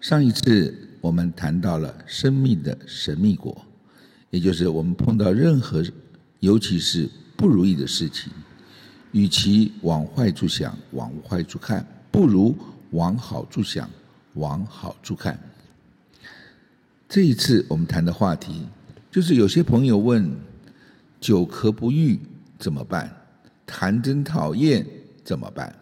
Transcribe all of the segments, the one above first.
上一次我們談到了生命的神秘果，也就是我們碰到任何，尤其是不如意的事情，與其往壞處想、往壞處看，不如往好處想、往好處看。這一次我們談的話題就是：有些朋友問，久咳不愈怎麼辦？痰真討厭怎麼辦？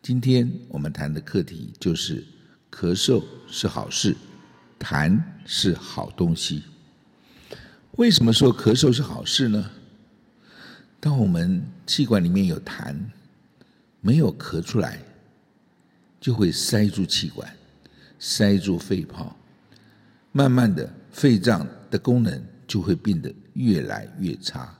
今天我們談的課題就是，咳嗽是好事，痰是好東西。為什麼說咳嗽是好事呢？當我們氣管裡面有痰，沒有咳出來，就會塞住氣管，塞住肺泡，慢慢的肺臟的功能就會變得越來越差。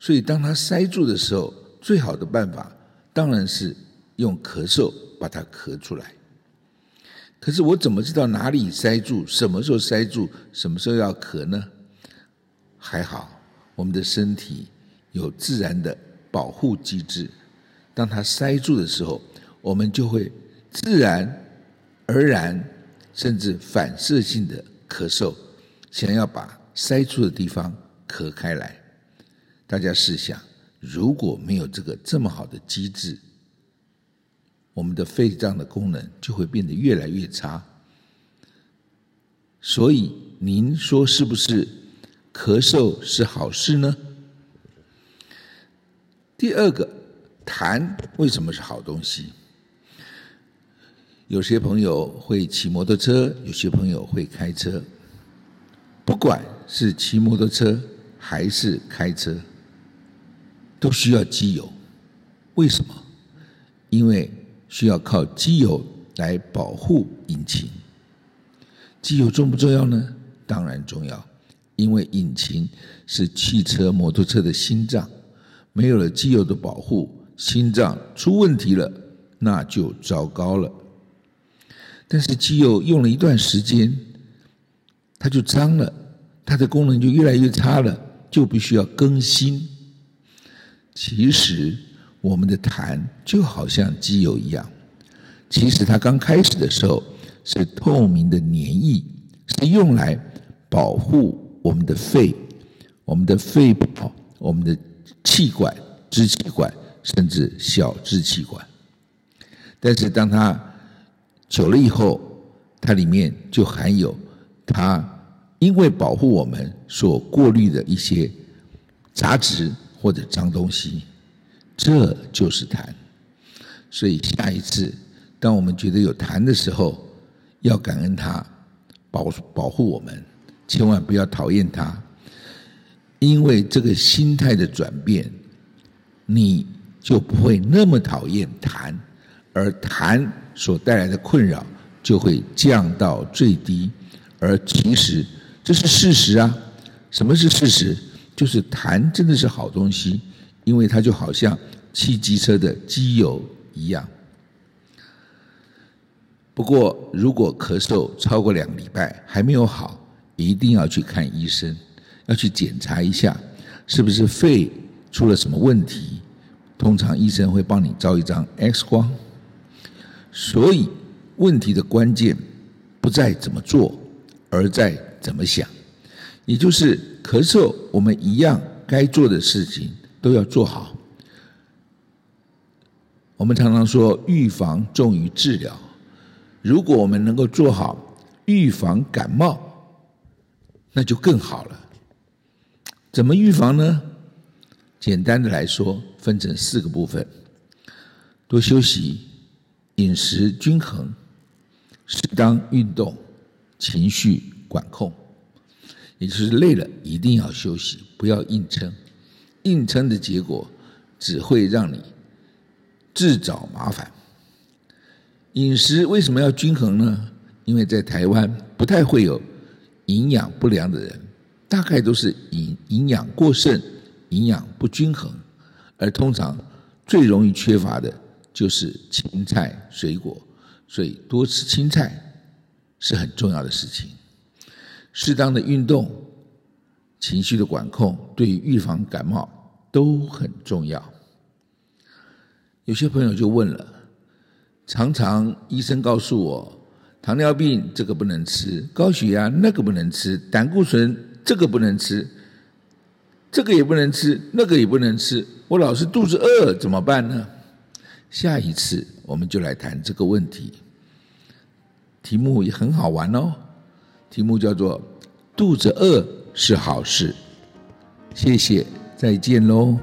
所以，當它塞住的時候，最好的辦法，當然是用咳嗽把它咳出來。可是我怎麼知道哪裡塞住，什麼時候塞住，什麼時候要咳呢？還好，我們的身體有自然的保護機制。當它塞住的時候，我們就會自然而然甚至反射性的咳嗽，想要把塞住的地方咳開來。大家試想，如果沒有這個這麼好的機制，我們的肺臟的功能就會變得越來越差，所以您說是不是咳嗽是好事呢？第二個，痰為什麼是好東西？有些朋友會騎摩托車，有些朋友會開車，不管是騎摩托車還是開車，都需要機油。為什麼？因為需要靠機油來保護引擎。機油重不重要呢？當然重要，因為引擎是汽車、摩托車的心臟。沒有了機油的保護，心臟出問題了，那就糟糕了。但是機油用了一段時間，它就髒了，它的功能就越來越差了，就必須要更新。其實，我們的痰就好像機油一樣，其實它剛開始的時候是透明的粘液，是用來保護我們的肺、我們的肺部、我們的氣管、支氣管，甚至小支氣管。但是，當它久了以後，它裡面就含有它因為保護我們所過濾的一些雜質或者髒東西。這就是痰，所以下一次，當我們覺得有痰的時候，要感恩它，保保護我們，千萬不要討厭它，因為這個心態的轉變，你就不會那麼討厭痰，而痰所帶來的困擾就會降到最低。而其實這是事實啊，什麼是事實？就是痰真的是好東西。因為它就好像汽機車的機油一樣。不過，如果咳嗽超過兩個禮拜還沒有好，一定要去看醫生，要去檢查一下是不是肺出了什麼問題。通常醫生會幫你照一張 X 光。所以，問題的關鍵不在怎麼做，而在怎麼想。也就是咳嗽，我們一樣該做的事情都要做好。我們常常說，預防重於治療。如果我們能夠做好預防感冒，那就更好了。怎麼預防呢？簡單的來說，分成四個部分：多休息、飲食均衡、適當運動、情緒管控。也就是累了，一定要休息，不要硬撐。硬撐的結果只會讓你自找麻煩。飲食為什麼要均衡呢？因為在台灣不太會有營養不良的人，大概都是營、營養過剩、營養不均衡，而通常最容易缺乏的就是青菜、水果，所以多吃青菜是很重要的事情。適當的運動。情緒的管控對於預防感冒都很重要。有些朋友就問了：常常醫生告訴我，糖尿病這個不能吃，高血壓那個不能吃，膽固醇這個不能吃，這個也不能吃，那個也不能吃，我老是肚子餓，怎麼辦呢？下一次我們就來談這個問題。題目也很好玩哦，題目叫做“肚子餓”。是好事，謝謝，再見嘍。